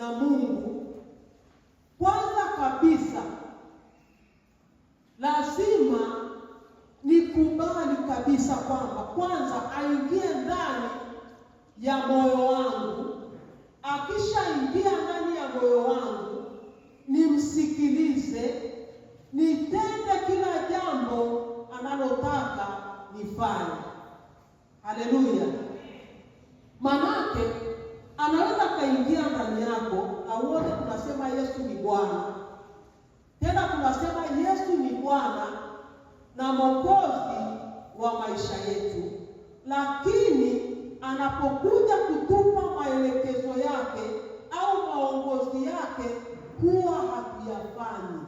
na Mungu kwanza kabisa, lazima nikubali kabisa kwamba kwanza aingie ndani ya moyo wangu. Akishaingia ndani ya moyo wangu, nimsikilize, nitende kila jambo analotaka nifanye. Haleluya! Manake anaweza kaingia ndani na wote tunasema Yesu ni Bwana. Tena tunasema Yesu ni Bwana na Mwokozi wa maisha yetu, lakini anapokuja kutupa maelekezo yake au maongozi yake huwa hatuyafanyi,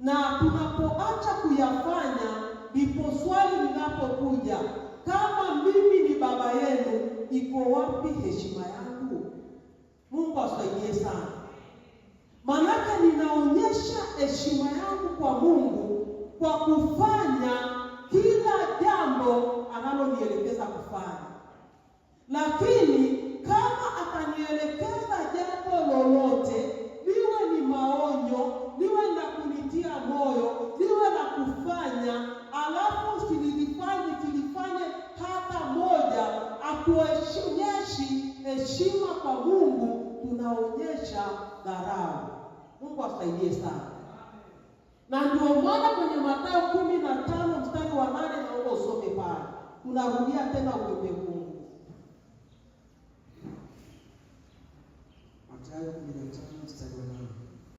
na tunapoacha kuyafanya ndipo swali linapokuja, kama mimi ni baba yenu, iko wapi heshima yangu? Mungu asaidie sana, maanake ninaonyesha heshima yangu kwa Mungu kwa kufanya kila jambo analonielekeza kufanya. Lakini kama atanielekeza jambo lolote, liwe ni maonyo, liwe la kunitia moyo, liwe la kufanya, alafu sililifanye kilifanye hata moja, akuonyeshi heshima kwa Mungu tunaonyesha dharau. Mungu asaidie sana, na ndio maana kwenye Mathayo kumi na tano mstari wa nane naomba usome pale, tunarudia tena upepe huu. Mathayo kumi na tano mstari wa nane